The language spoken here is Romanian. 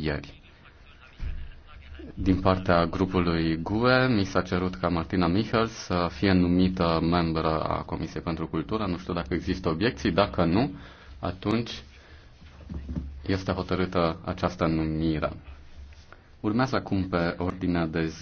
ieri. Din partea grupului GUE, mi s-a cerut ca Martina Michel să fie numită membră a Comisiei pentru Cultură. Nu știu dacă există obiecții. Dacă nu, atunci este hotărâtă această numire. Urmează acum pe ordinea de zi.